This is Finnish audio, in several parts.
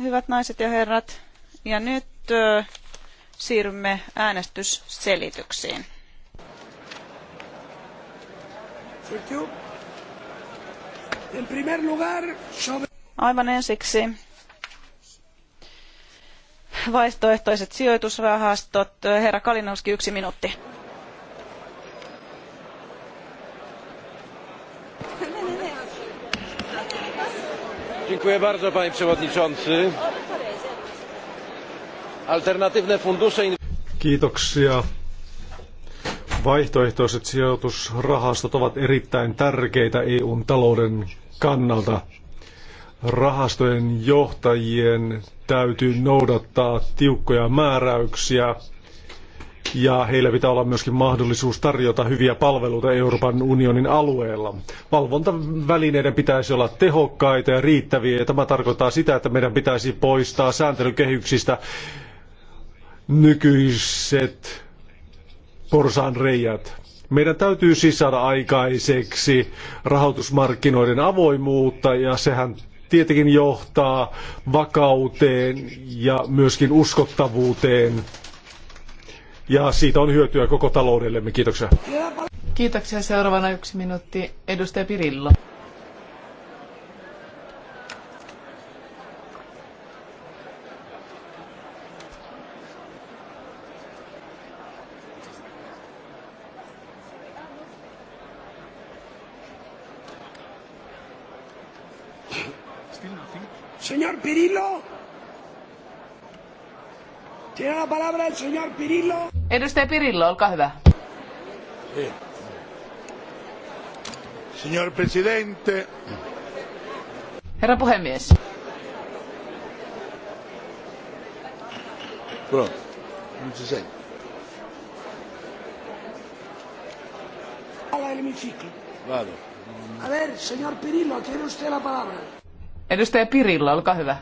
hyvät naiset ja herrat. Ja nyt siirrymme äänestysselityksiin. Aivan ensiksi vaihtoehtoiset sijoitusrahastot. Herra Kalinowski, yksi minuutti panie przewodniczący. Alternatywne fundusze... Kiitoksia. Vaihtoehtoiset sijoitusrahastot ovat erittäin tärkeitä EUn talouden kannalta. Rahastojen johtajien täytyy noudattaa tiukkoja määräyksiä ja heillä pitää olla myöskin mahdollisuus tarjota hyviä palveluita Euroopan unionin alueella. Valvontavälineiden pitäisi olla tehokkaita ja riittäviä ja tämä tarkoittaa sitä, että meidän pitäisi poistaa sääntelykehyksistä nykyiset porsaanreijät. Meidän täytyy siis saada aikaiseksi rahoitusmarkkinoiden avoimuutta ja sehän tietenkin johtaa vakauteen ja myöskin uskottavuuteen ja siitä on hyötyä koko taloudellemme. Kiitoksia. Kiitoksia. Seuraavana yksi minuutti edustaja Pirillo. la palabra el señor Pirillo. Edustaja Pirillo, olkaa hyvä. Signor Presidente. Herra puhemies. Vado. A ver, señor Pirillo, tiene usted la palabra. Edustaja Pirillo, olkaa hyvä.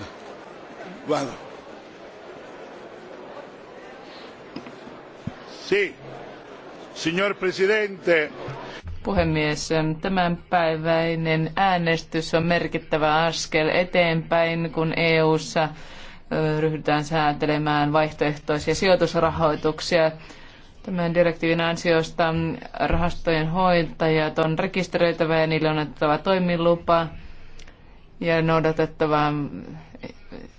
Ah. Vado. Si. Signor Presidente. Puhemies, tämänpäiväinen äänestys on merkittävä askel eteenpäin, kun EU:ssa ryhdytään säätelemään vaihtoehtoisia sijoitusrahoituksia. Tämän direktiivin ansiosta rahastojen hoitajat on rekisteröitävä ja niille on annettava toimilupa ja noudatettava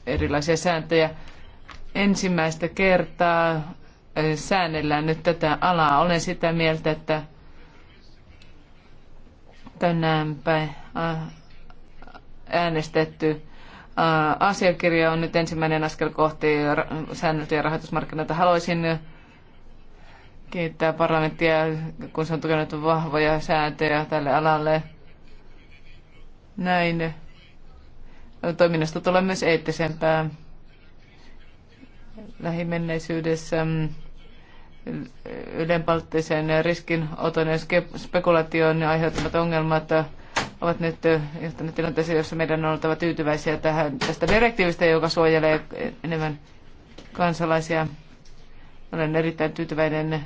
erilaisia sääntöjä. Ensimmäistä kertaa säännellään nyt tätä alaa. Olen sitä mieltä, että tänäänpä äänestetty asiakirja on nyt ensimmäinen askel kohti säänneltyjä rahoitusmarkkinoita. Haluaisin kiittää parlamenttia, kun se on tukenut vahvoja sääntöjä tälle alalle. Näin toiminnasta tulee myös eettisempää lähimenneisyydessä mm, ylenpalttisen riskinoton ja spekulaation aiheuttamat ongelmat ovat nyt johtaneet tilanteeseen, jossa meidän on oltava tyytyväisiä tähän, tästä direktiivistä, joka suojelee enemmän kansalaisia. Olen erittäin tyytyväinen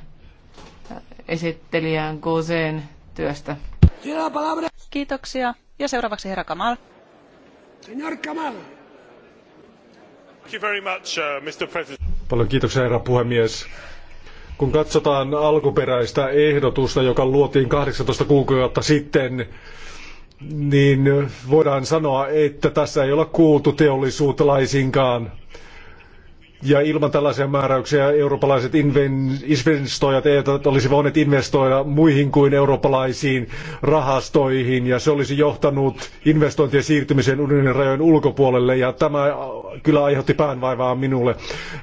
esittelijään Gozeen työstä. Kiitoksia. Ja seuraavaksi herra Kamal. Senor Kamal. Thank you very much, uh, Mr. President. Paljon kiitoksia herra puhemies. Kun katsotaan alkuperäistä ehdotusta, joka luotiin 18 kuukautta sitten, niin voidaan sanoa, että tässä ei ole kuultu teollisuutta laisinkaan. Ja ilman tällaisia määräyksiä eurooppalaiset investoijat eivät olisi voineet investoida muihin kuin eurooppalaisiin rahastoihin ja se olisi johtanut investointien siirtymiseen unionin rajojen ulkopuolelle ja tämä kyllä aiheutti päänvaivaa minulle.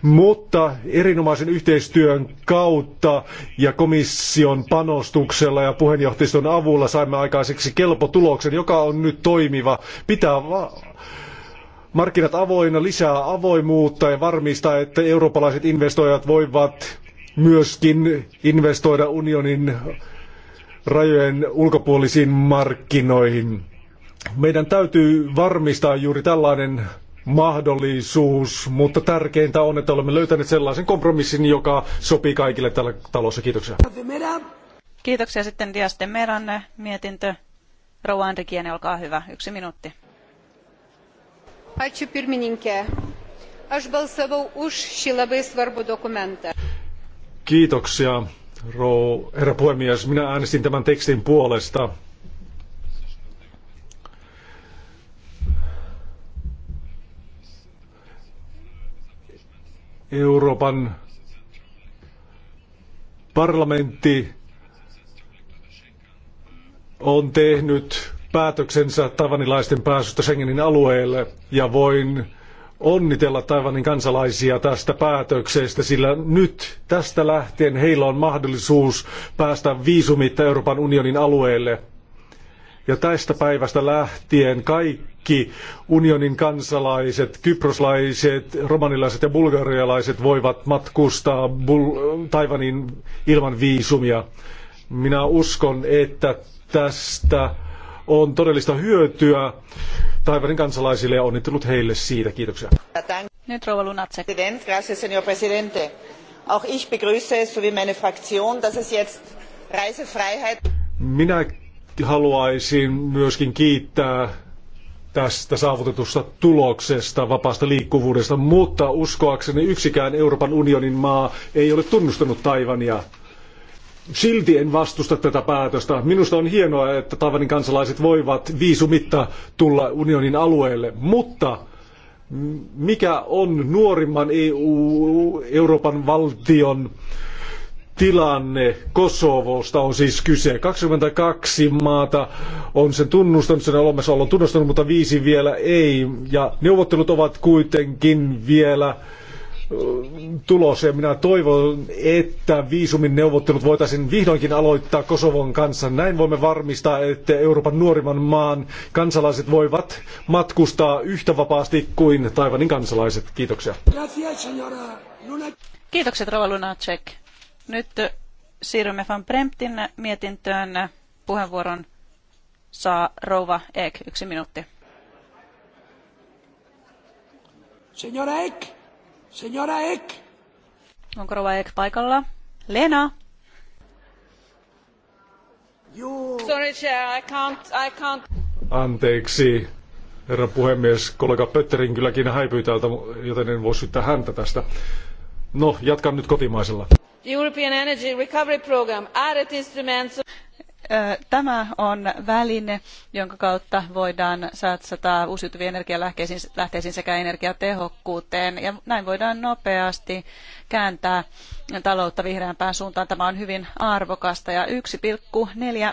Mutta erinomaisen yhteistyön kautta ja komission panostuksella ja puheenjohtajiston avulla saimme aikaiseksi kelpo tuloksen, joka on nyt toimiva. Pitää va- markkinat avoinna lisää avoimuutta ja varmistaa, että eurooppalaiset investoijat voivat myöskin investoida unionin rajojen ulkopuolisiin markkinoihin. Meidän täytyy varmistaa juuri tällainen mahdollisuus, mutta tärkeintä on, että olemme löytäneet sellaisen kompromissin, joka sopii kaikille täällä talossa. Kiitoksia. Kiitoksia sitten Diastemeran mietintö. Rouva Andrikiene, olkaa hyvä. Yksi minuutti. Aš balsavau už šį labai svarbų dokumentą. Kiitoksia, rou, herra puhemies. Minä äänestin tämän tekstin puolesta. Euroopan parlamentti on tehnyt päätöksensä tavanilaisten pääsystä Schengenin alueelle ja voin onnitella Taivanin kansalaisia tästä päätöksestä, sillä nyt tästä lähtien heillä on mahdollisuus päästä viisumitta Euroopan unionin alueelle. Ja tästä päivästä lähtien kaikki unionin kansalaiset, kyproslaiset, romanilaiset ja bulgarialaiset voivat matkustaa Bul- Taivanin ilman viisumia. Minä uskon, että tästä on todellista hyötyä Taivanin kansalaisille ja onnittelut heille siitä. Kiitoksia. Nyt rouva Lunatsek. Gracias, señor presidente. Auch ich begrüße es, sowie meine Fraktion, dass es jetzt Reisefreiheit... Minä haluaisin myöskin kiittää tästä saavutetusta tuloksesta, vapaasta liikkuvuudesta, mutta uskoakseni yksikään Euroopan unionin maa ei ole tunnustanut Taivania. Silti en vastusta tätä päätöstä. Minusta on hienoa, että Taiwanin kansalaiset voivat viisumitta tulla unionin alueelle, mutta mikä on nuorimman EU, Euroopan valtion tilanne Kosovosta on siis kyse. 22 maata on sen tunnustanut, sen olemassaolon tunnustanut, mutta viisi vielä ei. Ja neuvottelut ovat kuitenkin vielä tulos. Ja minä toivon, että viisumin neuvottelut voitaisiin vihdoinkin aloittaa Kosovon kanssa. Näin voimme varmistaa, että Euroopan nuorimman maan kansalaiset voivat matkustaa yhtä vapaasti kuin Taivanin kansalaiset. Kiitoksia. Kiitokset, Rova Lunacek. Nyt siirrymme Van Bremptin mietintöön. Puheenvuoron saa Rova Ek. Yksi minuutti. Signora Ek. Senora Ek. Onko Rova Ek paikalla? Lena. Juu. Sorry, chair, I can't, I can't. Anteeksi, herra puhemies. Kollega Pötterin kylläkin häipyi täältä, joten en voi syyttää häntä tästä. No, jatkan nyt kotimaisella. European Energy Recovery Program, added instruments... Tämä on väline, jonka kautta voidaan satsata uusiutuviin energialähteisiin sekä energiatehokkuuteen. Ja näin voidaan nopeasti kääntää taloutta vihreämpään suuntaan. Tämä on hyvin arvokasta ja 1,4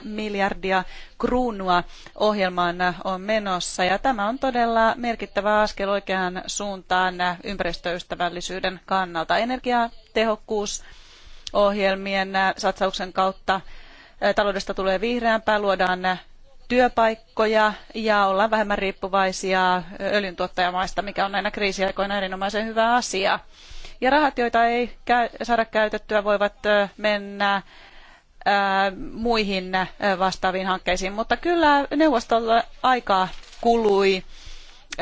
miljardia kruunua ohjelmaan on menossa. Ja tämä on todella merkittävä askel oikeaan suuntaan ympäristöystävällisyyden kannalta. Energiatehokkuus ohjelmien satsauksen kautta taloudesta tulee vihreämpää, luodaan työpaikkoja ja ollaan vähemmän riippuvaisia öljyntuottajamaista, mikä on näinä kriisiaikoina erinomaisen hyvä asia. Ja rahat, joita ei saada käytettyä, voivat mennä muihin vastaaviin hankkeisiin, mutta kyllä neuvostolla aikaa kului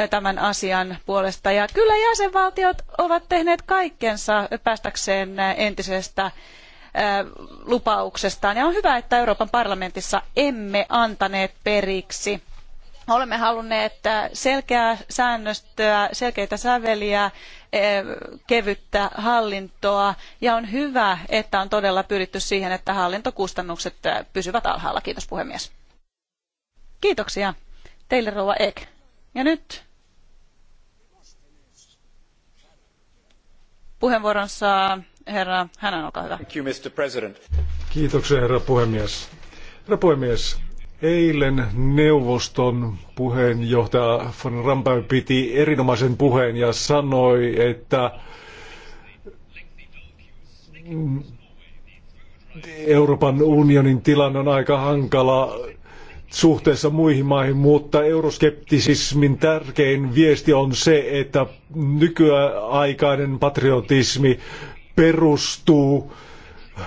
tämän asian puolesta. Ja kyllä jäsenvaltiot ovat tehneet kaikkensa päästäkseen entisestä lupauksestaan. Ja on hyvä, että Euroopan parlamentissa emme antaneet periksi. Olemme halunneet selkeää säännöstöä, selkeitä säveliä, kevyttä hallintoa ja on hyvä, että on todella pyritty siihen, että hallintokustannukset pysyvät alhaalla. Kiitos puhemies. Kiitoksia teille rouva Ek. Ja nyt puheenvuoron saa Herra, hänen olkaa hyvä. Thank you, Mr. President. Kiitoksia, herra puhemies. Herra puhemies, eilen neuvoston puheenjohtaja von Rampäy piti erinomaisen puheen ja sanoi, että Euroopan unionin tilanne on aika hankala suhteessa muihin maihin, mutta euroskeptisismin tärkein viesti on se, että nykyaikainen patriotismi perustuu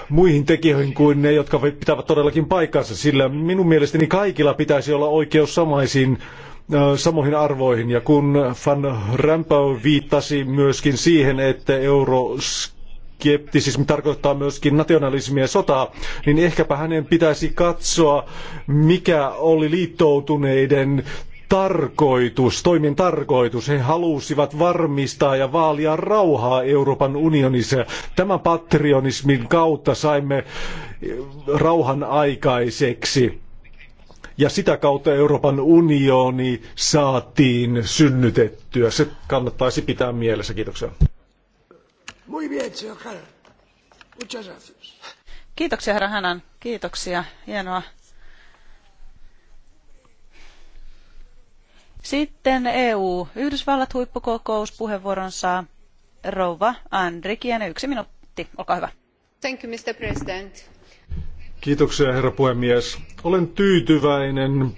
muihin tekijöihin kuin ne, jotka pitävät todellakin paikkansa, sillä minun mielestäni kaikilla pitäisi olla oikeus samaisiin samoihin arvoihin. Ja kun Van Rampau viittasi myöskin siihen, että euroskeptisismi tarkoittaa myöskin nationalismia ja sotaa, niin ehkäpä hänen pitäisi katsoa, mikä oli liittoutuneiden tarkoitus, toimien tarkoitus. He halusivat varmistaa ja vaalia rauhaa Euroopan unionissa. Tämän patrionismin kautta saimme rauhan aikaiseksi. Ja sitä kautta Euroopan unioni saatiin synnytettyä. Se kannattaisi pitää mielessä. Kiitoksia. Kiitoksia herra Hänan. Kiitoksia. Hienoa Sitten EU-Yhdysvallat huippukokous puheenvuoronsa rouva Andrikien Yksi minuutti, olkaa hyvä. Thank you, Mr. President. Kiitoksia, herra puhemies. Olen tyytyväinen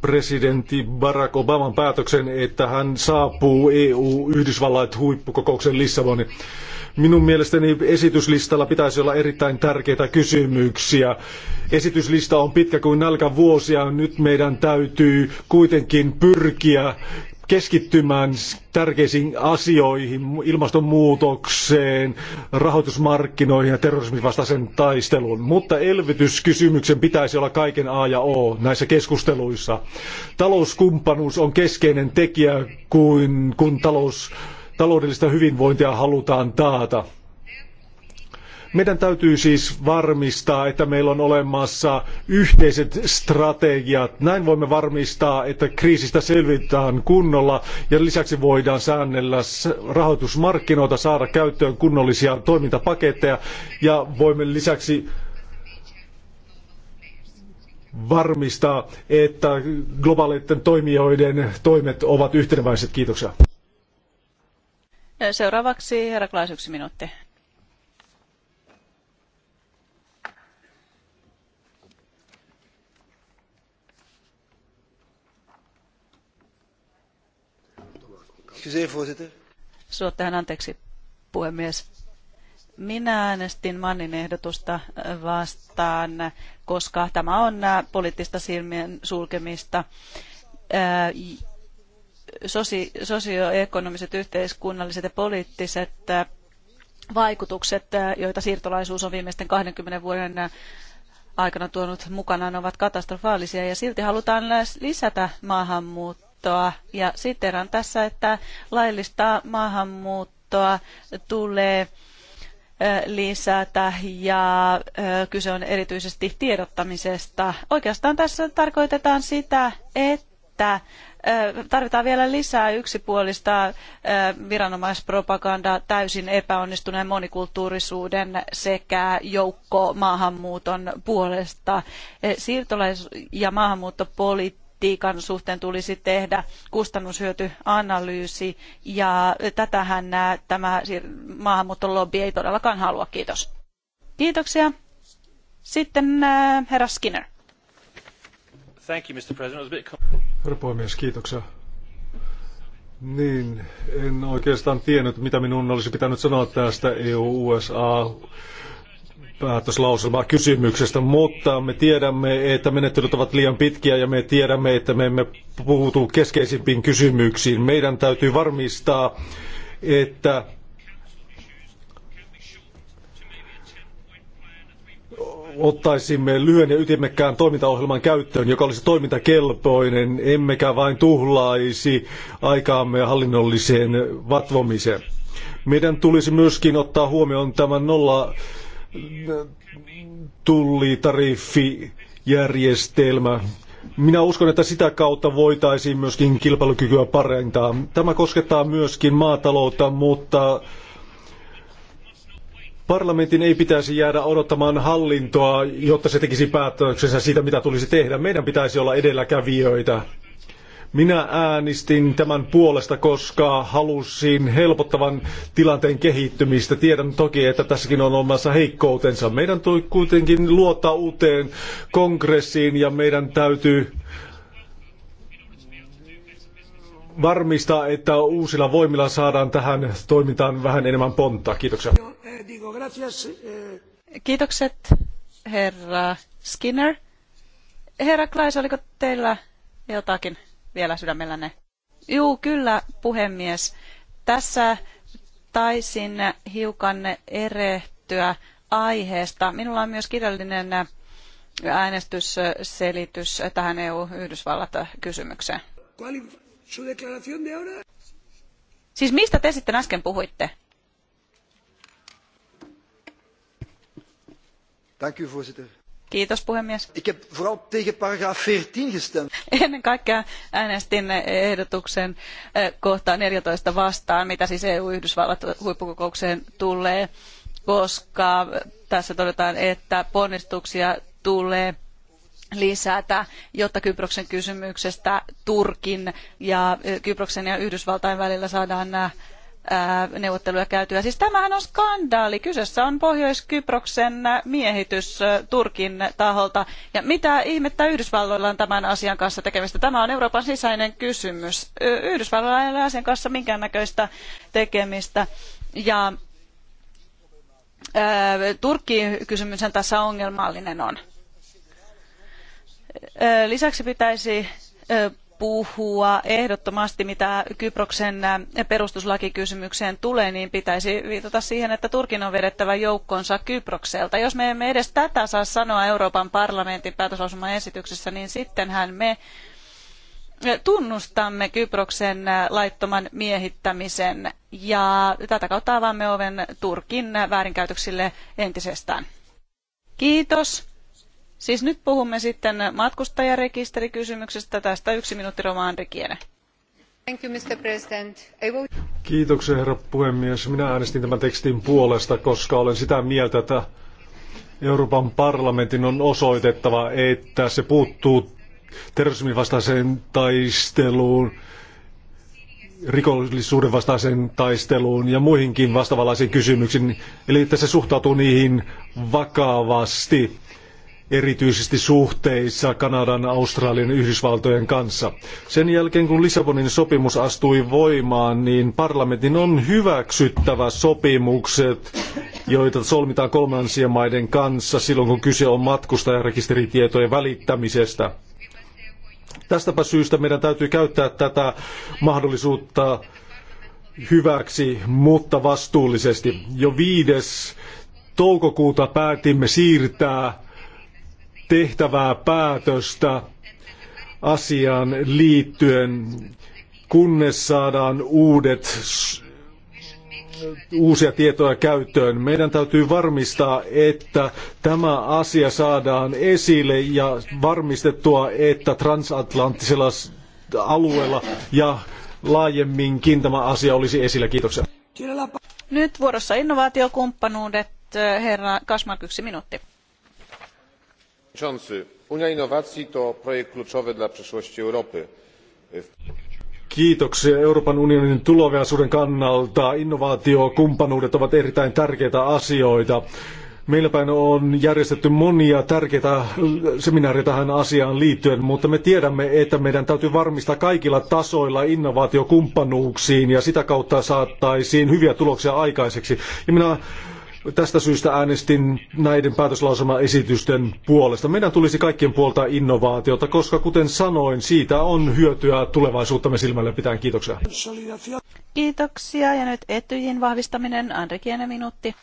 presidentti Barack Obaman päätöksen, että hän saapuu EU-Yhdysvallat huippukokouksen Lissabonin. Minun mielestäni esityslistalla pitäisi olla erittäin tärkeitä kysymyksiä. Esityslista on pitkä kuin nälkä ja Nyt meidän täytyy kuitenkin pyrkiä keskittymään tärkeisiin asioihin, ilmastonmuutokseen, rahoitusmarkkinoihin ja terrorismin vastaisen taisteluun. Mutta elvytyskysymyksen pitäisi olla kaiken A ja O näissä keskusteluissa. Talouskumppanuus on keskeinen tekijä, kuin, kun talous taloudellista hyvinvointia halutaan taata. Meidän täytyy siis varmistaa, että meillä on olemassa yhteiset strategiat. Näin voimme varmistaa, että kriisistä selvitään kunnolla ja lisäksi voidaan säännellä rahoitusmarkkinoita, saada käyttöön kunnollisia toimintapaketteja ja voimme lisäksi varmistaa, että globaaleiden toimijoiden toimet ovat yhteneväiset. Kiitoksia. Seuraavaksi herra Klaas, yksi minuutti. Suottehan anteeksi, puhemies. Minä äänestin Mannin ehdotusta vastaan, koska tämä on poliittista silmien sulkemista sosi, sosioekonomiset, yhteiskunnalliset ja poliittiset äh, vaikutukset, äh, joita siirtolaisuus on viimeisten 20 vuoden äh, aikana tuonut mukanaan, ovat katastrofaalisia ja silti halutaan lisätä maahanmuuttoa. Ja siteran tässä, että laillista maahanmuuttoa tulee lisätä ja kyse on erityisesti tiedottamisesta. Oikeastaan tässä tarkoitetaan sitä, että tarvitaan vielä lisää yksipuolista viranomaispropagandaa täysin epäonnistuneen monikulttuurisuuden sekä joukko maahanmuuton puolesta. Siirtolais- ja maahanmuuttopolitiikan suhteen tulisi tehdä kustannushyötyanalyysi ja tätähän tämä maahanmuuttolobby ei todellakaan halua. Kiitos. Kiitoksia. Sitten herra Skinner. Thank you, Mr. President. Herra puhemies, kiitoksia. Niin, en oikeastaan tiennyt, mitä minun olisi pitänyt sanoa tästä EU-USA päätöslauselmaa kysymyksestä, mutta me tiedämme, että menettelyt ovat liian pitkiä ja me tiedämme, että me emme puutu keskeisimpiin kysymyksiin. Meidän täytyy varmistaa, että ottaisimme lyhyen ja ytimekkään toimintaohjelman käyttöön, joka olisi toimintakelpoinen, emmekä vain tuhlaisi aikaamme hallinnolliseen vatvomiseen. Meidän tulisi myöskin ottaa huomioon tämä nolla tullitariffijärjestelmä. Minä uskon, että sitä kautta voitaisiin myöskin kilpailukykyä parantaa. Tämä koskettaa myöskin maataloutta, mutta Parlamentin ei pitäisi jäädä odottamaan hallintoa, jotta se tekisi päätöksensä siitä, mitä tulisi tehdä. Meidän pitäisi olla edelläkävijöitä. Minä äänestin tämän puolesta, koska halusin helpottavan tilanteen kehittymistä. Tiedän toki, että tässäkin on olemassa heikkoutensa. Meidän tuli kuitenkin luottaa uuteen kongressiin ja meidän täytyy varmistaa, että uusilla voimilla saadaan tähän toimintaan vähän enemmän pontta. Kiitoksia. Eh, eh. Kiitokset, herra Skinner. Herra Klais, oliko teillä jotakin vielä sydämellänne? Juu, kyllä, puhemies. Tässä taisin hiukan erehtyä aiheesta. Minulla on myös kirjallinen äänestysselitys tähän EU-Yhdysvallat-kysymykseen. Siis mistä te sitten äsken puhuitte? Dank u, voorzitter. Kiitos puhemies. Ik heb vooral tegen paragraaf 14 gestemd. Ennen kaikkea äänestin ehdotuksen eh, kohtaan 14 vastaan, mitä siis EU-Yhdysvallat huippukokoukseen tulee, koska tässä todetaan, että ponnistuksia tulee lisätä, jotta Kyproksen kysymyksestä Turkin ja Kyproksen ja Yhdysvaltain välillä saadaan nämä neuvotteluja käytyä. Siis tämähän on skandaali. Kyseessä on Pohjois-Kyproksen miehitys Turkin taholta. Ja mitä ihmettä Yhdysvalloilla on tämän asian kanssa tekemistä? Tämä on Euroopan sisäinen kysymys. Yhdysvalloilla ei ole asian kanssa minkäännäköistä tekemistä. Ja Turkki-kysymyshän tässä ongelmallinen on. Lisäksi pitäisi puhua ehdottomasti, mitä Kyproksen perustuslakikysymykseen tulee, niin pitäisi viitata siihen, että Turkin on vedettävä joukkonsa Kyprokselta. Jos me emme edes tätä saa sanoa Euroopan parlamentin päätöslausumaesityksessä, niin sittenhän me tunnustamme Kyproksen laittoman miehittämisen ja tätä kautta avaamme oven Turkin väärinkäytöksille entisestään. Kiitos. Siis nyt puhumme sitten matkustajarekisterikysymyksestä. Tästä yksi minuutti Romaan Rikiene. Kiitoksia herra puhemies. Minä äänestin tämän tekstin puolesta, koska olen sitä mieltä, että Euroopan parlamentin on osoitettava, että se puuttuu terrorismin vastaiseen taisteluun, rikollisuuden vastaiseen taisteluun ja muihinkin vastaavanlaisiin kysymyksiin. Eli että se suhtautuu niihin vakavasti erityisesti suhteissa Kanadan, Australian ja Yhdysvaltojen kanssa. Sen jälkeen kun Lissabonin sopimus astui voimaan, niin parlamentin on hyväksyttävä sopimukset, joita solmitaan kolmansien maiden kanssa silloin kun kyse on matkustajarekisteritietojen välittämisestä. Tästäpä syystä meidän täytyy käyttää tätä mahdollisuutta hyväksi, mutta vastuullisesti. Jo viides toukokuuta päätimme siirtää tehtävää päätöstä asiaan liittyen, kunnes saadaan uudet, uusia tietoja käyttöön. Meidän täytyy varmistaa, että tämä asia saadaan esille ja varmistettua, että transatlanttisella alueella ja laajemminkin tämä asia olisi esillä. Kiitoksia. Nyt vuorossa innovaatiokumppanuudet. Herra Kasmark, yksi minuutti panie przewodniczący! unia innowacji to projekt kluczowy dla przyszłości europy. Kiitoksia Euroopan unionin tulevaisuuden kannalta. Innovaatiokumppanuudet ovat erittäin tärkeitä asioita. Meillä päin on järjestetty monia tärkeitä seminaareja tähän asiaan liittyen, mutta me tiedämme, että meidän täytyy varmistaa kaikilla tasoilla innovaatiokumppanuuksiin ja sitä kautta saataisiin hyviä tuloksia aikaiseksi. minä Tästä syystä äänestin näiden päätöslauselmaesitysten puolesta. Meidän tulisi kaikkien puolta innovaatiota, koska kuten sanoin, siitä on hyötyä tulevaisuuttamme silmällä pitäen. Kiitoksia. Kiitoksia ja nyt etyjin vahvistaminen. Andri Kiene minuutti.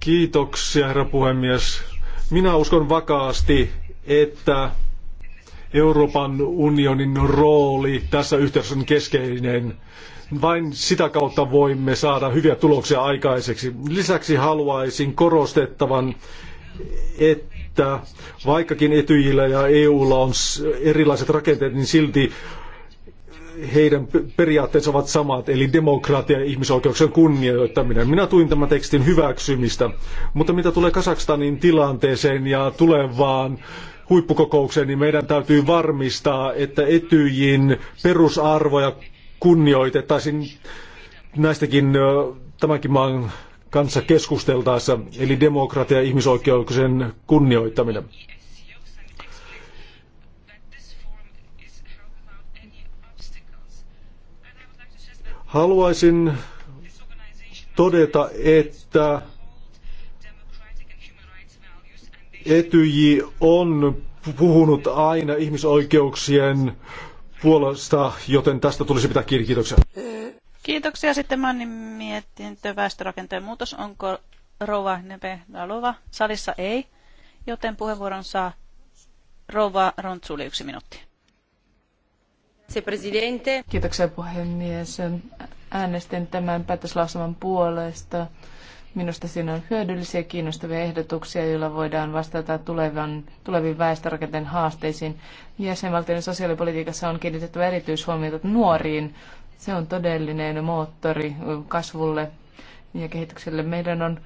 Kiitoksia, herra puhemies. Minä uskon vakaasti, että Euroopan unionin rooli tässä yhteydessä on keskeinen. Vain sitä kautta voimme saada hyviä tuloksia aikaiseksi. Lisäksi haluaisin korostettavan, että vaikkakin Etyjillä ja EUlla on erilaiset rakenteet, niin silti heidän periaatteensa ovat samat, eli demokratia ja ihmisoikeuksien kunnioittaminen. Minä tuin tämän tekstin hyväksymistä, mutta mitä tulee Kasakstanin tilanteeseen ja tulevaan huippukokoukseen, niin meidän täytyy varmistaa, että Etyjin perusarvoja kunnioitettaisiin näistäkin tämänkin maan kanssa keskusteltaessa, eli demokratia ja ihmisoikeuksien kunnioittaminen. Haluaisin todeta, että Etyj on puhunut aina ihmisoikeuksien puolesta, joten tästä tulisi pitää kiinni. Kiitoksia. Kiitoksia. Sitten Mannin mietintö väestörakenteen muutos. Onko Rova Nebe Dalova? Salissa ei, joten puheenvuoron saa Rova Rontsuli yksi minuutti. Kiitoksia puhemies. Äänestin tämän päätöslauselman puolesta. Minusta siinä on hyödyllisiä kiinnostavia ehdotuksia, joilla voidaan vastata tulevan, tuleviin väestörakenteen haasteisiin. Jäsenvaltioiden sosiaalipolitiikassa on kiinnitettävä erityishuomiota nuoriin. Se on todellinen moottori kasvulle ja kehitykselle. Meidän on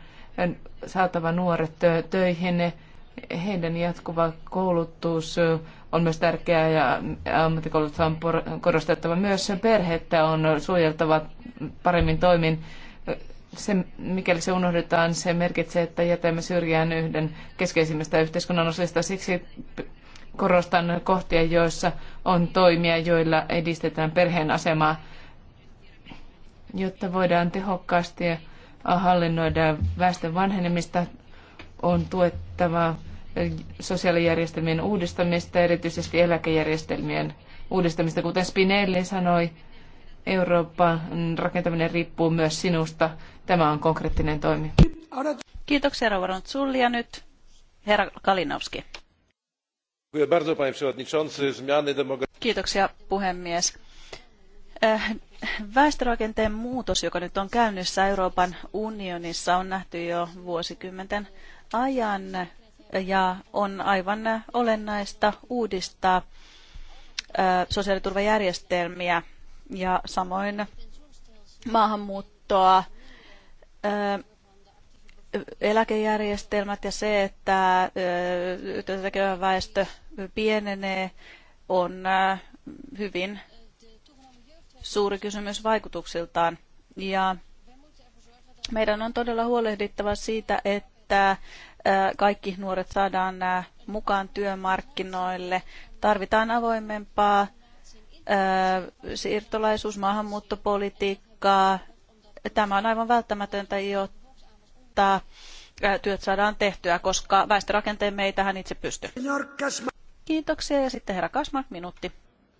saatava nuoret töihin. Heidän jatkuva koulutus on myös tärkeää ja ammattikoulutusta on korostettava. Myös perhettä on suojeltava paremmin toimin se, mikäli se unohdetaan, se merkitsee, että jätämme syrjään yhden keskeisimmistä yhteiskunnan osista. Siksi korostan kohtia, joissa on toimia, joilla edistetään perheen asemaa, jotta voidaan tehokkaasti hallinnoida väestön vanhenemista, on tuettava sosiaalijärjestelmien uudistamista, erityisesti eläkejärjestelmien uudistamista, kuten Spinelli sanoi Euroopan rakentaminen riippuu myös sinusta. Tämä on konkreettinen toimi. Kiitoksia Rauvaron Zulli ja nyt herra Kalinowski. Kiitoksia puhemies. Äh, väestörakenteen muutos, joka nyt on käynnissä Euroopan unionissa, on nähty jo vuosikymmenten ajan ja on aivan olennaista uudistaa äh, sosiaaliturvajärjestelmiä ja samoin maahanmuuttoa, eläkejärjestelmät ja se, että työtä tekevä väestö pienenee, on hyvin suuri kysymys vaikutuksiltaan. Ja meidän on todella huolehdittava siitä, että kaikki nuoret saadaan mukaan työmarkkinoille. Tarvitaan avoimempaa siirtolaisuus, maahanmuuttopolitiikkaa. Tämä on aivan välttämätöntä, jotta työt saadaan tehtyä, koska väestörakenteemme ei tähän itse pysty. Kiitoksia ja sitten herra Kasmark, minuutti.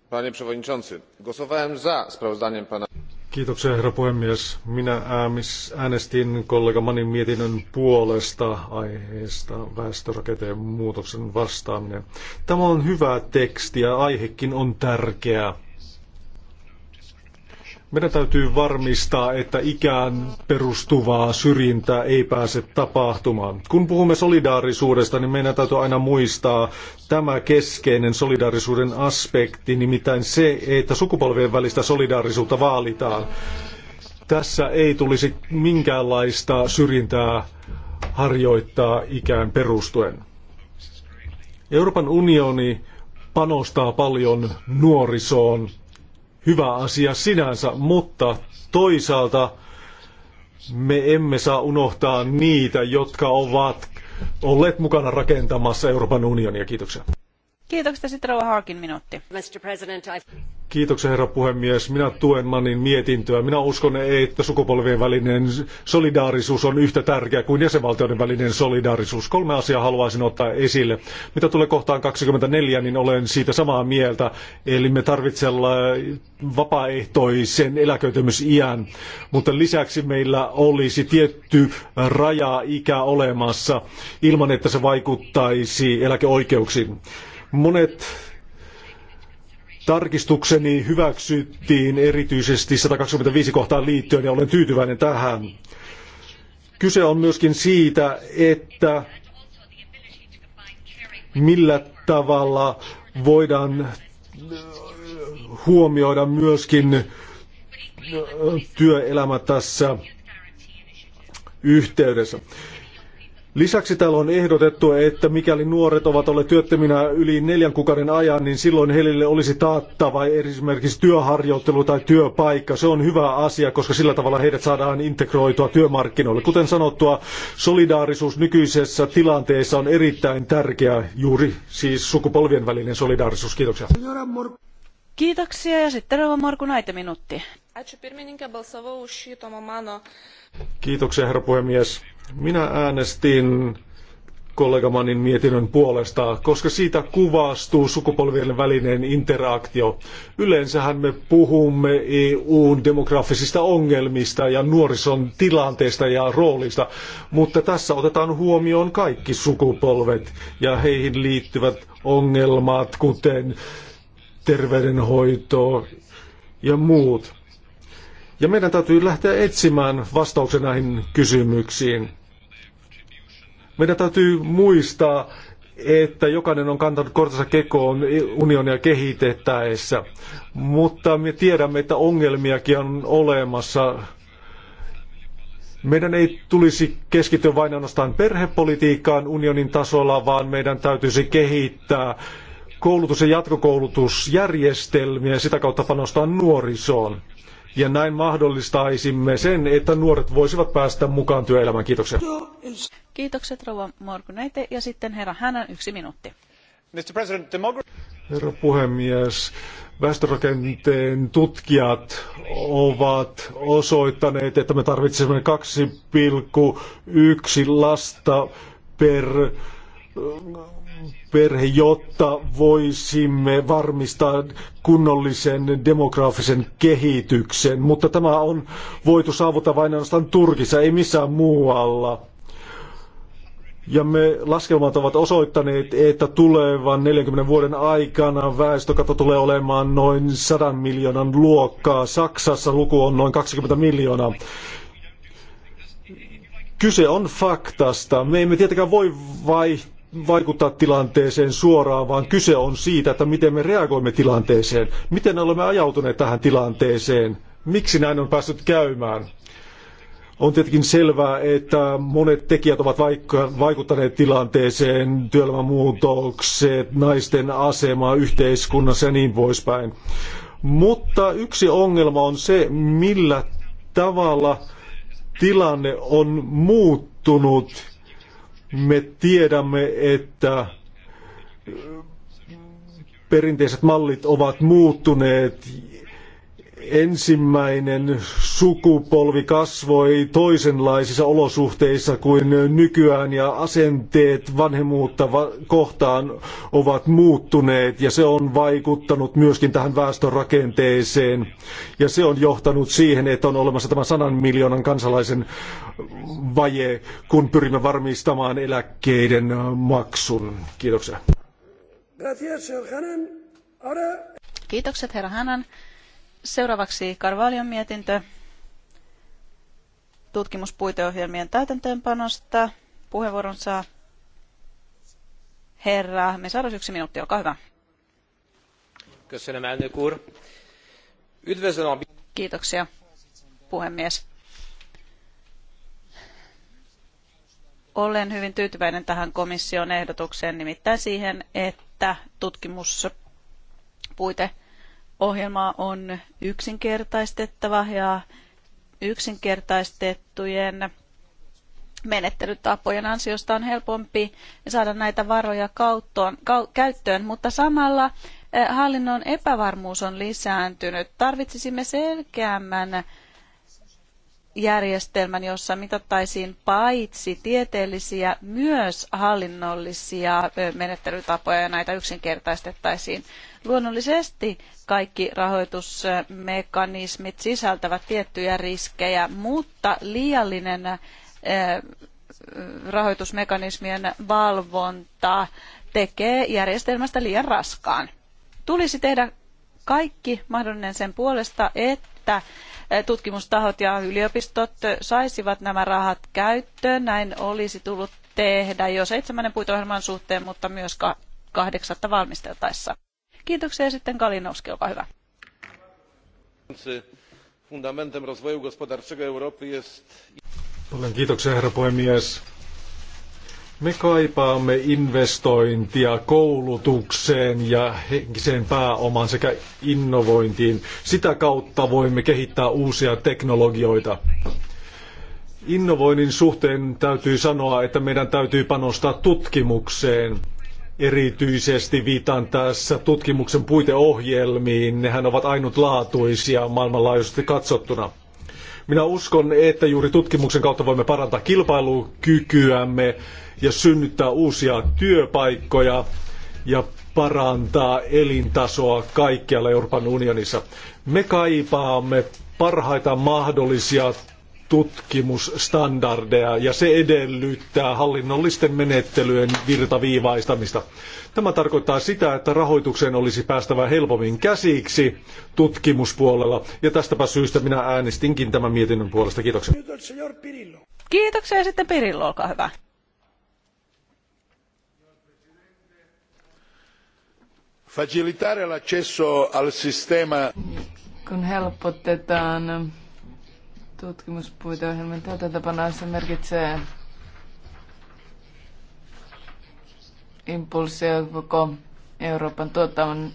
Panie przewodniczący, głosowałem za sprawozdaniem pana Kiitoksia herra puhemies. Minä äänestin kollega Manin mietinnön puolesta aiheesta väestörakenteen muutoksen vastaaminen. Tämä on hyvä teksti ja aihekin on tärkeä. Meidän täytyy varmistaa, että ikään perustuvaa syrjintää ei pääse tapahtumaan. Kun puhumme solidaarisuudesta, niin meidän täytyy aina muistaa tämä keskeinen solidaarisuuden aspekti, nimittäin se, että sukupolvien välistä solidaarisuutta vaalitaan. Tässä ei tulisi minkäänlaista syrjintää harjoittaa ikään perustuen. Euroopan unioni panostaa paljon nuorisoon hyvä asia sinänsä, mutta toisaalta me emme saa unohtaa niitä, jotka ovat olleet mukana rakentamassa Euroopan unionia. Kiitoksia. Kiitoksia sitten Harkin minuutti. Mr. President, Kiitoksia herra puhemies. Minä tuen Mannin mietintöä. Minä uskon, että sukupolvien välinen solidaarisuus on yhtä tärkeä kuin jäsenvaltioiden välinen solidaarisuus. Kolme asiaa haluaisin ottaa esille. Mitä tulee kohtaan 24, niin olen siitä samaa mieltä. Eli me tarvitsemme vapaaehtoisen eläköitymisiän, mutta lisäksi meillä olisi tietty raja-ikä olemassa ilman, että se vaikuttaisi eläkeoikeuksiin. Monet Tarkistukseni hyväksyttiin erityisesti 125 kohtaan liittyen ja olen tyytyväinen tähän. Kyse on myöskin siitä, että millä tavalla voidaan huomioida myöskin työelämä tässä yhteydessä. Lisäksi täällä on ehdotettu, että mikäli nuoret ovat olleet työttöminä yli neljän kuukauden ajan, niin silloin heille olisi taattava esimerkiksi työharjoittelu tai työpaikka. Se on hyvä asia, koska sillä tavalla heidät saadaan integroitua työmarkkinoille. Kuten sanottua, solidaarisuus nykyisessä tilanteessa on erittäin tärkeää, juuri siis sukupolvien välinen solidaarisuus. Kiitoksia. Kiitoksia ja sitten Rova Marku Naite minuutti. Kiitoksia herra puhemies. Minä äänestin kollegamanin mietinnön puolesta, koska siitä kuvastuu sukupolvien välinen interaktio. Yleensähän me puhumme EUn demografisista ongelmista ja nuorison tilanteesta ja roolista, mutta tässä otetaan huomioon kaikki sukupolvet ja heihin liittyvät ongelmat, kuten terveydenhoitoa ja muut. Ja meidän täytyy lähteä etsimään vastauksia näihin kysymyksiin. Meidän täytyy muistaa, että jokainen on kantanut kortensa kekoon unionia kehitettäessä, mutta me tiedämme, että ongelmiakin on olemassa. Meidän ei tulisi keskittyä vain ainoastaan perhepolitiikkaan unionin tasolla, vaan meidän täytyisi kehittää koulutus- ja jatkokoulutusjärjestelmiä ja sitä kautta panostaa nuorisoon. Ja näin mahdollistaisimme sen, että nuoret voisivat päästä mukaan työelämään. Kiitoksia. Kiitokset rouva Morgunaite ja sitten herra Hänän yksi minuutti. Herra puhemies, väestörakenteen tutkijat ovat osoittaneet, että me tarvitsemme 2,1 lasta per perhe, jotta voisimme varmistaa kunnollisen demografisen kehityksen. Mutta tämä on voitu saavuttaa vain ainoastaan Turkissa, ei missään muualla. Ja me laskelmat ovat osoittaneet, että tulevan 40 vuoden aikana väestökato tulee olemaan noin 100 miljoonan luokkaa. Saksassa luku on noin 20 miljoonaa. Kyse on faktasta. Me emme tietenkään voi vaihtaa vaikuttaa tilanteeseen suoraan, vaan kyse on siitä, että miten me reagoimme tilanteeseen. Miten olemme ajautuneet tähän tilanteeseen? Miksi näin on päässyt käymään? On tietenkin selvää, että monet tekijät ovat vaikuttaneet tilanteeseen, työelämän muutokset, naisten asema yhteiskunnassa ja niin poispäin. Mutta yksi ongelma on se, millä tavalla tilanne on muuttunut me tiedämme, että äh, perinteiset mallit ovat muuttuneet ensimmäinen sukupolvi kasvoi toisenlaisissa olosuhteissa kuin nykyään ja asenteet vanhemmuutta kohtaan ovat muuttuneet ja se on vaikuttanut myöskin tähän väestörakenteeseen ja se on johtanut siihen, että on olemassa tämä sadan miljoonan kansalaisen vaje, kun pyrimme varmistamaan eläkkeiden maksun. Kiitoksia. Kiitokset herra Hanan. Seuraavaksi Karvalion mietintö tutkimuspuiteohjelmien täytäntöönpanosta. Puheenvuoron saa herra Mesaros, yksi minuutti, olkaa hyvä. Kiitoksia, puhemies. Olen hyvin tyytyväinen tähän komission ehdotukseen, nimittäin siihen, että tutkimuspuiteohjelmien ohjelmaa on yksinkertaistettava ja yksinkertaistettujen menettelytapojen ansiosta on helpompi saada näitä varoja kauttoon, käyttöön, mutta samalla eh, hallinnon epävarmuus on lisääntynyt. Tarvitsisimme selkeämmän järjestelmän, jossa mitattaisiin paitsi tieteellisiä, myös hallinnollisia menettelytapoja ja näitä yksinkertaistettaisiin. Luonnollisesti kaikki rahoitusmekanismit sisältävät tiettyjä riskejä, mutta liiallinen rahoitusmekanismien valvonta tekee järjestelmästä liian raskaan. Tulisi tehdä kaikki mahdollinen sen puolesta, että että Eh, tutkimustahot ja yliopistot eh, saisivat nämä rahat käyttöön. Näin olisi tullut tehdä jo seitsemännen puitohjelman suhteen, mutta myös kahdeksatta valmisteltaessa. Kiitoksia sitten Kalinowski, olkaa hyvä. Paljon kiitoksia, herra puhemies. Me kaipaamme investointia koulutukseen ja henkiseen pääomaan sekä innovointiin. Sitä kautta voimme kehittää uusia teknologioita. Innovoinnin suhteen täytyy sanoa, että meidän täytyy panostaa tutkimukseen. Erityisesti viitaan tässä tutkimuksen puiteohjelmiin. Nehän ovat ainutlaatuisia maailmanlaajuisesti katsottuna. Minä uskon, että juuri tutkimuksen kautta voimme parantaa kilpailukykyämme ja synnyttää uusia työpaikkoja ja parantaa elintasoa kaikkialla Euroopan unionissa. Me kaipaamme parhaita mahdollisia tutkimusstandardeja ja se edellyttää hallinnollisten menettelyjen virtaviivaistamista. Tämä tarkoittaa sitä, että rahoitukseen olisi päästävä helpommin käsiksi tutkimuspuolella ja tästäpä syystä minä äänestinkin tämän mietinnön puolesta. Kiitoksia. Kiitoksia ja sitten Pirillo, olkaa hyvä. Facilitare l'accesso al sistema. Kun helpotetaan tutkimuspuiteohjelman täytäntöpano, Se merkitsee impulssia koko Euroopan tuottavan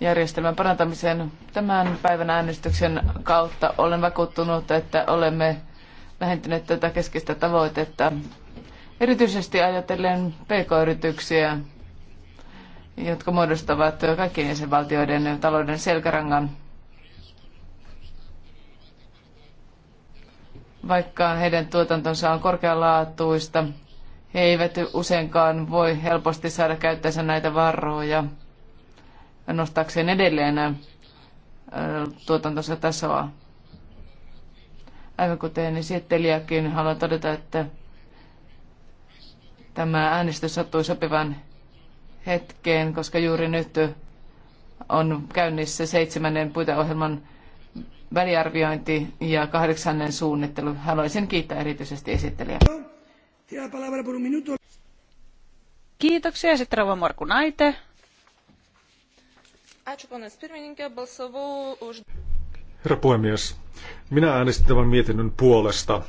järjestelmän parantamiseen. Tämän päivän äänestyksen kautta olen vakuuttunut, että olemme lähentyneet tätä keskeistä tavoitetta. Erityisesti ajatellen pk-yrityksiä, jotka muodostavat kaikkien jäsenvaltioiden talouden selkärangan. vaikka heidän tuotantonsa on korkealaatuista, he eivät useinkaan voi helposti saada käyttäjänsä näitä varoja nostakseen edelleen äh, tuotantonsa tasoa. Aivan kuten esittelijäkin, haluan todeta, että tämä äänestys sattui sopivan hetkeen, koska juuri nyt on käynnissä seitsemännen puiteohjelman väliarviointi ja kahdeksannen suunnittelu. Haluaisin kiittää erityisesti esittelijää. Kiitoksia. Sitten Rauva Morkunaite. Herra puhemies, minä äänestin tämän mietinnön puolesta.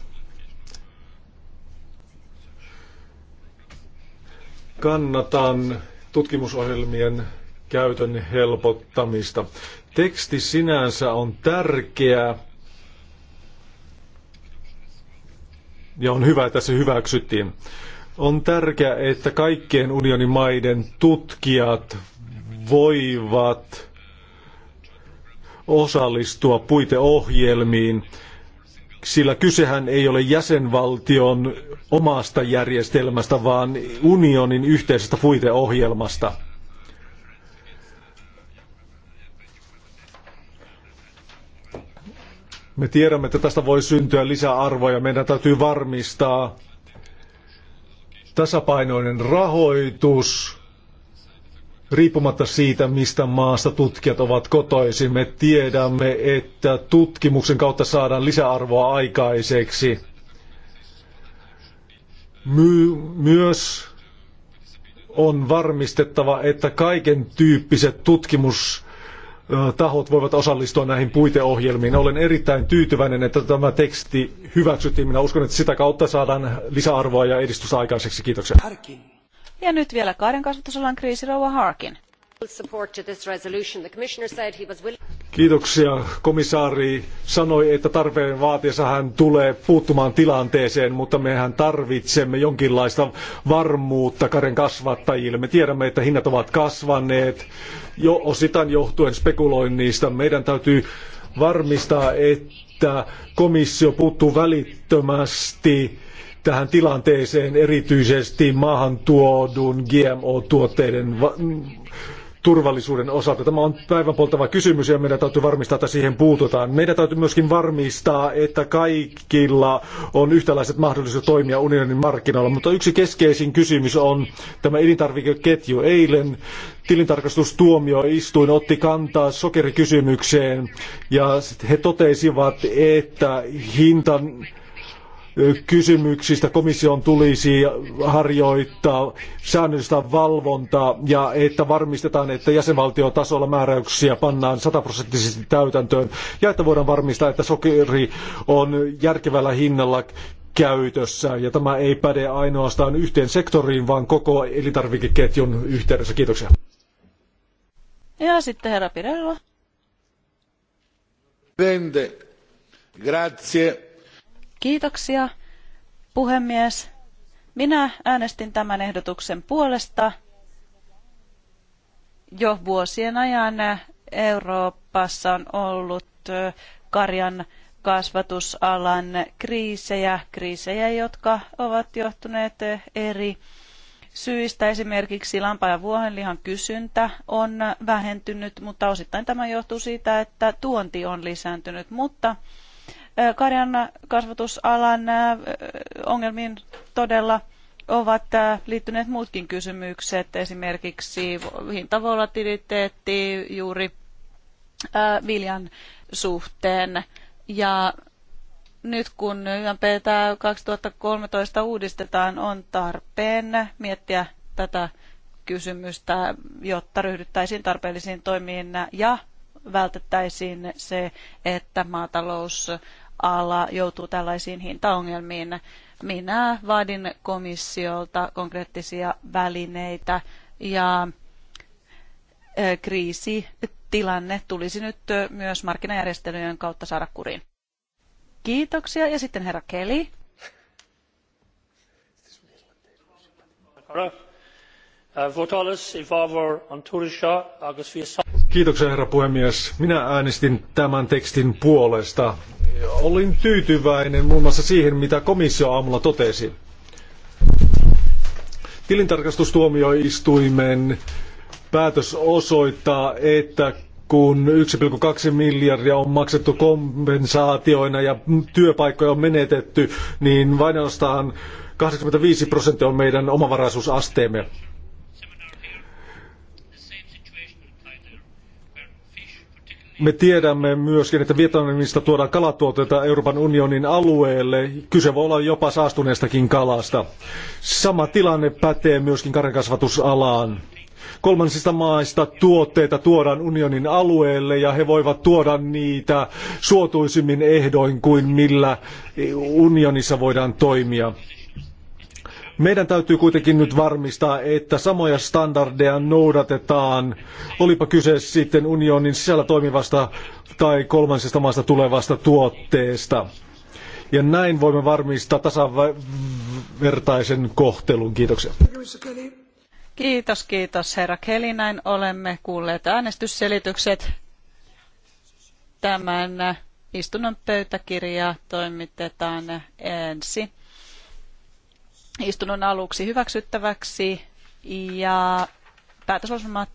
Kannatan tutkimusohjelmien käytön helpottamista. Teksti sinänsä on tärkeä. Ja on hyvä, että se hyväksyttiin. On tärkeää, että kaikkien unionin maiden tutkijat voivat osallistua puiteohjelmiin, sillä kysehän ei ole jäsenvaltion omasta järjestelmästä, vaan unionin yhteisestä puiteohjelmasta. Me tiedämme, että tästä voi syntyä lisäarvoa ja meidän täytyy varmistaa tasapainoinen rahoitus riippumatta siitä, mistä maasta tutkijat ovat kotoisin. Me tiedämme, että tutkimuksen kautta saadaan lisäarvoa aikaiseksi. My- myös on varmistettava, että kaiken tyyppiset tutkimus tahot voivat osallistua näihin puiteohjelmiin. Olen erittäin tyytyväinen, että tämä teksti hyväksyttiin. Minä uskon, että sitä kautta saadaan lisäarvoa ja edistystä aikaiseksi. Kiitoksia. Harkin. Ja nyt vielä kaiden kasvatusalan kriisi Harkin. Kiitoksia. Komissaari sanoi, että tarpeen vaatiessa hän tulee puuttumaan tilanteeseen, mutta mehän tarvitsemme jonkinlaista varmuutta karen kasvattajille. Me tiedämme, että hinnat ovat kasvaneet jo osittain johtuen spekuloinnista. Meidän täytyy varmistaa, että komissio puuttuu välittömästi tähän tilanteeseen erityisesti maahantuodun GMO-tuotteiden turvallisuuden osalta. Tämä on päivän kysymys ja meidän täytyy varmistaa, että siihen puututaan. Meidän täytyy myöskin varmistaa, että kaikilla on yhtäläiset mahdollisuudet toimia unionin markkinoilla. Mutta yksi keskeisin kysymys on tämä elintarvikeketju. Eilen tilintarkastustuomioistuin otti kantaa sokerikysymykseen ja he totesivat, että hinta kysymyksistä komission tulisi harjoittaa säännöllistä valvontaa ja että varmistetaan, että jäsenvaltiotasolla määräyksiä pannaan sataprosenttisesti täytäntöön ja että voidaan varmistaa, että sokeri on järkevällä hinnalla käytössä. Ja tämä ei päde ainoastaan yhteen sektoriin, vaan koko elintarvikeketjun yhteydessä. Kiitoksia. Ja sitten herra Pirello. Grazie Kiitoksia, puhemies. Minä äänestin tämän ehdotuksen puolesta jo vuosien ajan Euroopassa on ollut karjan kasvatusalan kriisejä, kriisejä, jotka ovat johtuneet eri syistä. Esimerkiksi lampa- ja vuohenlihan kysyntä on vähentynyt, mutta osittain tämä johtuu siitä, että tuonti on lisääntynyt, mutta Karjan kasvatusalan ongelmiin todella ovat liittyneet muutkin kysymykset, esimerkiksi hintavolatiliteetti juuri viljan suhteen. Ja nyt kun YMP 2013 uudistetaan, on tarpeen miettiä tätä kysymystä, jotta ryhdyttäisiin tarpeellisiin toimiin ja vältettäisiin se, että maatalous ala joutuu tällaisiin hintaongelmiin. Minä vaadin komissiolta konkreettisia välineitä ja kriisitilanne tulisi nyt myös markkinajärjestelyjen kautta saada kuriin. Kiitoksia ja sitten herra Kelly. Kiitoksia herra puhemies. Minä äänestin tämän tekstin puolesta olin tyytyväinen muun muassa siihen, mitä komissio aamulla totesi. Tilintarkastustuomioistuimen päätös osoittaa, että kun 1,2 miljardia on maksettu kompensaatioina ja työpaikkoja on menetetty, niin vain ainoastaan 85 prosenttia on meidän omavaraisuusasteemme. Me tiedämme myöskin, että Vietnamista tuodaan kalatuotteita Euroopan unionin alueelle. Kyse voi olla jopa saastuneestakin kalasta. Sama tilanne pätee myöskin karjakasvatusalaan. Kolmansista maista tuotteita tuodaan unionin alueelle ja he voivat tuoda niitä suotuisimmin ehdoin kuin millä unionissa voidaan toimia. Meidän täytyy kuitenkin nyt varmistaa, että samoja standardeja noudatetaan, olipa kyse sitten unionin sisällä toimivasta tai kolmansista maasta tulevasta tuotteesta. Ja näin voimme varmistaa tasavertaisen kohtelun. Kiitoksia. Kiitos, kiitos herra Keli. Näin olemme kuulleet äänestysselitykset. Tämän istunnon pöytäkirjaa toimitetaan ensi istunnon aluksi hyväksyttäväksi ja päätöslausumat